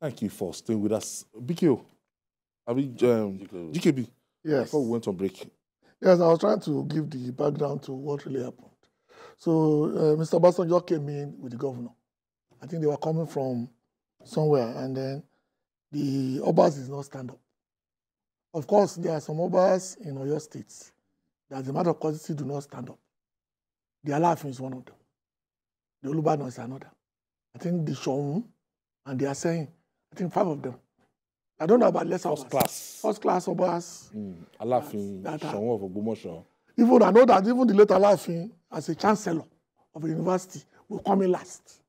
Thank you for staying with us. BKO, I mean, um, GKB, yes. before we went on break. Yes, I was trying to give the background to what really happened. So uh, Mr. just came in with the governor. I think they were coming from somewhere, and then the Obas did not stand up. Of course, there are some Obas in Oyo states that, as a matter of courtesy, do not stand up. The Alaafin is one of them. The ulubano is another. I think the Shom and they are saying I think five of them. I don't know about lesser first class. First class obas. Mm. Aláàfin Ṣọ̀ún of Ògbómọ̀ṣọ́. Even I know that even the late Aláàfin as a chancellor of a university will come in last.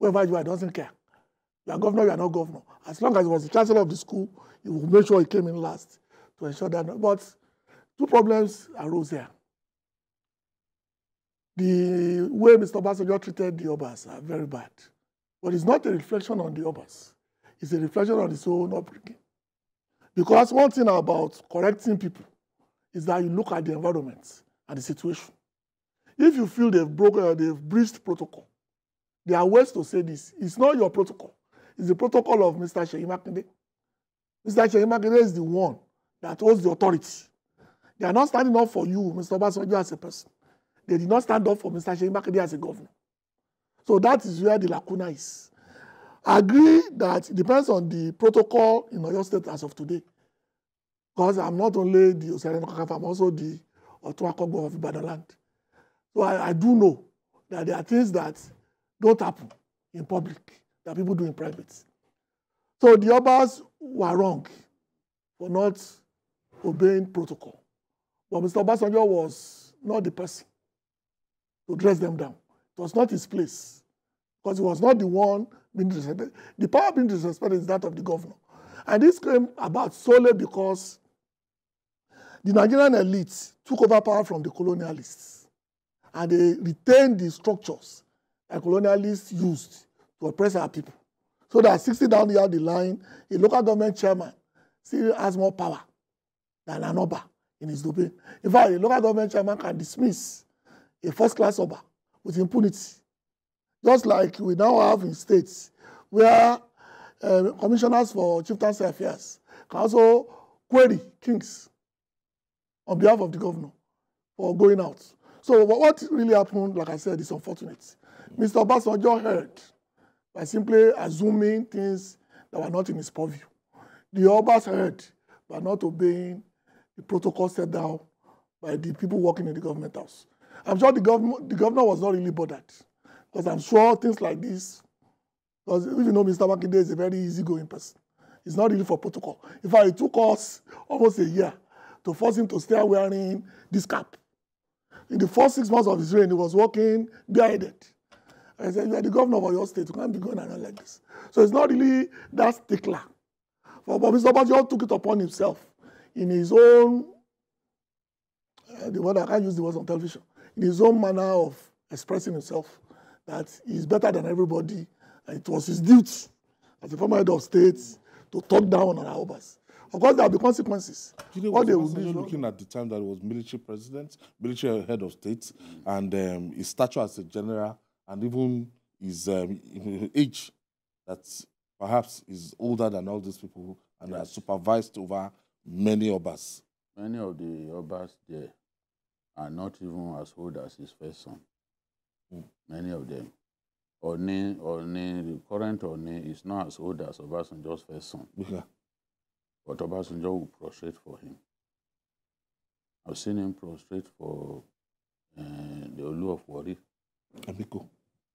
Whoever you are doesn't care. You are governor, you are not governor. As long as he was the chancellor of the school, he will make sure he came in last to ensure that. But two problems arose here. The way Mr. Obasanjo treated the Obas are very bad. But it's not a reflection on the Obas is a reflection on his own upbringing. Because one thing about correcting people is that you look at the environment and the situation. If you feel they've broken or uh, they've breached protocol, there are ways to say this. It's not your protocol. It's the protocol of Mr. Sheyi Makinde. Mr. Sheyi Makinde is the one that holds the authority. They are not standing up for you, Mr. Obasanjo, as a person. They did not stand up for Mr. Sheyi Makinde as a governor. So that is where the lacuna is agree that it depends on the protocol in Oyo State as of today. Because I'm not only the Osirian Kokaf, I'm also the Otua Kogbo of Ibadan land. So I, I do know that there are things that don't happen in public that people do in private. So the others were wrong for not obeying protocol. But Mr. Obasanjo was not the person to dress them down. It was not his place because he was not the one being disrespected. The power being disrespected is that of the governor. And this came about solely because the Nigerian elites took over power from the colonialists and they retained the structures that colonialists used to oppress our people. So that 60 down the, the line, a local government chairman still has more power than an Oba in his domain. In fact, a local government chairman can dismiss a first class Oba with impunity Just like we now have in states where uh, commissioners for chieftaincy affairs can also query kings on behalf of the governor for going out. So what really happened, like I said, is unfortunate. Mr. Obasanjo heard by simply assuming things that were not in his purview. The Obas heard by not obeying the protocol set down by the people working in the government house. I'm sure the, gov the governor was not really bothered. Because I'm sure things like this, because if you know Mr. Makinde is a very easygoing person. It's not really for protocol. In fact, it took us almost a year to force him to stay wearing this cap. In the first six months of his reign, he was walking beheaded. I said, you are the governor of your state. You can't be going around like this. So it's not really that stickler. But, but Mr. Bajo took it upon himself in his own, uh, the word I can't use the words on television, in his own manner of expressing himself that he's better than everybody. And it was his duty as a former head of state to talk down on our obas. Of course, there will be consequences. You know, what they will be looking at the time that was military president, military head of state, and um, his stature as a general, and even his um, age that perhaps is older than all these people and yes. are supervised over many obas. Many of the obas there are not even as old as his first son many of them. Oni, Oni, the current Oni is not as old as Obasanjo's first son. Yeah. But Obasanjo will prostrate for him. I've seen him prostrate for uh, the Olu of Wari. Abiko.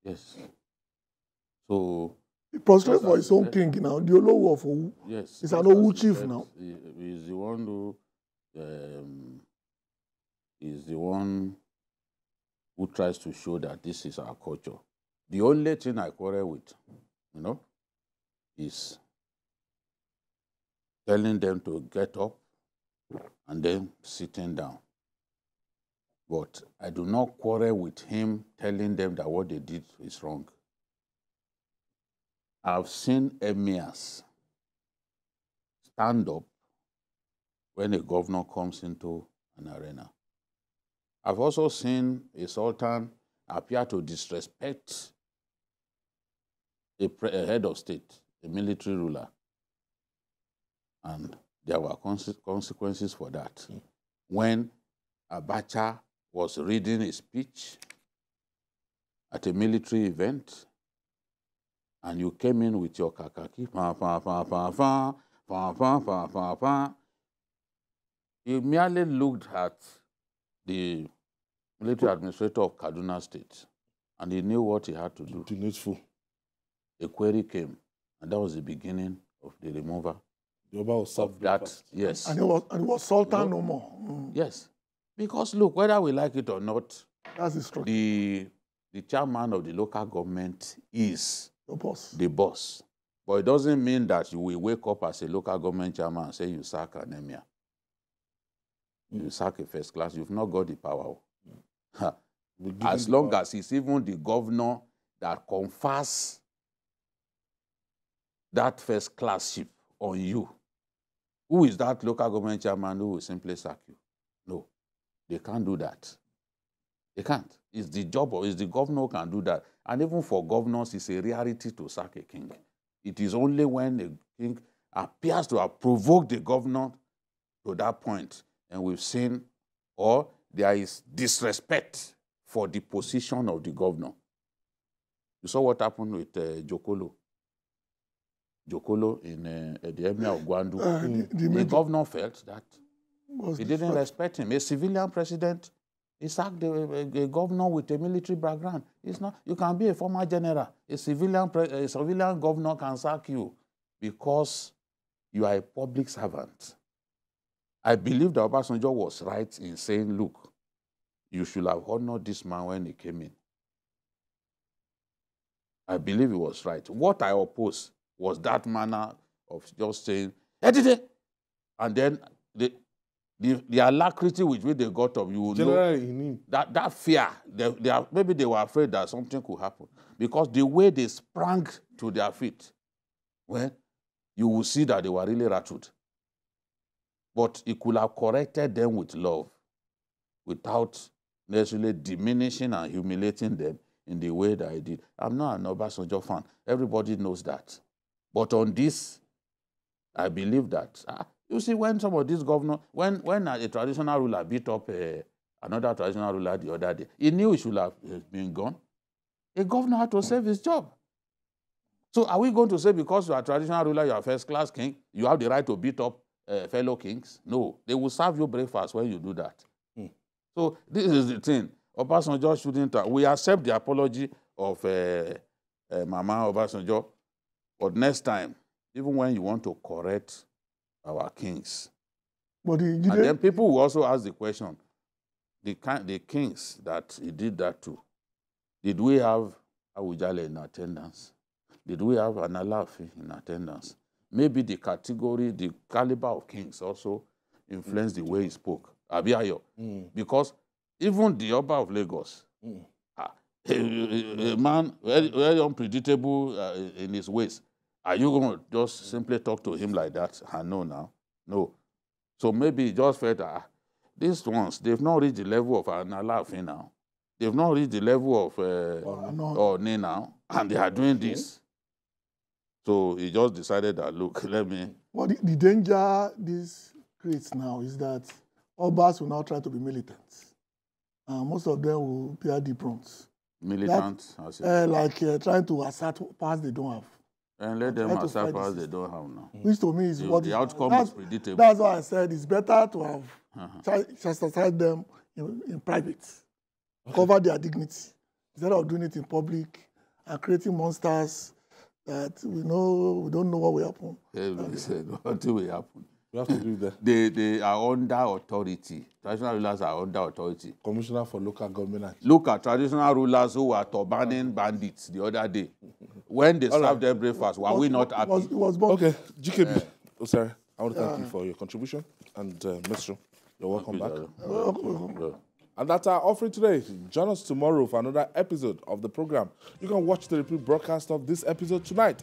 Yes. So. He prostrate for his own uh, king now, the Olowo of Owu. Yes. He's an Owu chief said, now. He, he's the one who. Um, is the one who tries to show that this is our culture. The only thing I quarrel with, you know, is telling them to get up and then sitting down. But I do not quarrel with him telling them that what they did is wrong. I've seen emirs stand up when a governor comes into an arena. I've also seen a sultan appear to disrespect a, a head of state, a military ruler. And there were consequences for that. Mm. When Abacha was reading a speech at a military event, and you came in with your kakaki, fa fa fa fa fa, fa fa fa fa fa, merely looked at the military administrator of Kaduna State, and he knew what he had to do. Needful. A query came, and that was the beginning of the removal. Yoruba was of that, yes. And it was, and it was Sultan no, no more. Mm. Yes. Because look, whether we like it or not, That's the, structure. the the chairman of the local government is the boss. The boss. But it doesn't mean that you will wake up as a local government chairman and say you sack anemia you sack a first class, you've not got the power. Mm. as long as it's even the governor that confers that first classship on you, who is that local government chairman who will simply sack you? No, they can't do that. They can't. It's the job of, it's the governor who can do that. And even for governors, it's a reality to sack a king. It is only when a king appears to have provoked the governor to that point and we've seen, or there is disrespect for the position of the governor. You saw what happened with uh, Jokolo. Jokolo in uh, the area ah, of Gwandu. Uh, the, the, the governor felt that he didn't respect him. A civilian president he sacked a, a, a governor with a military background. It's not, you can be a former general. A civilian, pre, a civilian governor can sack you because you are a public servant. I believe that Obasanjo was right in saying, look, you should have honored this man when he came in. I believe he was right. What I opposed was that manner of just saying, Edite! And then the, the, the alacrity with which they got up, you will Generally, know that, that fear, they, they are, maybe they were afraid that something could happen. Because the way they sprang to their feet, well, you will see that they were really rattled. But he could have corrected them with love without necessarily diminishing and humiliating them in the way that he did. I'm not an Obasanjo fan. Everybody knows that. But on this, I believe that. Ah, you see, when some of these governors, when, when a, traditional ruler beat up a, eh, another traditional ruler the other day, he knew he should have eh, been gone. A governor had to save his job. So are we going to say because you are a traditional ruler, you are first class king, you have the right to beat up uh, fellow kings. No, they will serve you breakfast when you do that. Mm. So this is the thing. Obasanjo shouldn't. Uh, we accept the apology of uh, uh, Mama Obasanjo, but next time, even when you want to correct our kings, but the, and then people will also ask the question: the the kings that he did that to, did we have Awujale in attendance? Did we have an Alafi in attendance? maybe the category, the caliber of kings also influenced mm. the way he spoke. Abiayo. Mm. Because even the Oba of Lagos, mm. a, a, a man very, very unpredictable uh, in his ways. Are you gonna to just hmm. simply talk to him like that? I know now. No. So maybe he just felt, ah, these ones, they've not reached the level of Analafi now. They've not reached the level of uh, Oni now, and they are doing okay. this. So he just decided that, look, let me. But the, the danger this creates now is that Obas will now try to be militants. Uh, most of them will be at the front. Militant? That, uh, like uh, trying to assert parts they don't have. And let them assert parts they don't have now. Which to me is the, what the is, outcome is predictable. That's why I said it's better to have uh-huh. them in, in private, okay. cover their dignity, instead of doing it in public and creating monsters that we know we don't know what will happen. Everybody said nothing will happen. We have to do that. they they are under authority. Traditional rulers are under authority. Commissioner for local government. Look at traditional rulers who were turbaning bandits the other day. When they All served right. their breakfast, were was, we not happy? Was, was okay, GKB. Uh, oh, sorry. I want to thank uh, you for your contribution and uh, Mr. You're welcome you, back. welcome. You're And that's our offering today. Join us tomorrow for another episode of the program. You can watch the repeat broadcast of this episode tonight.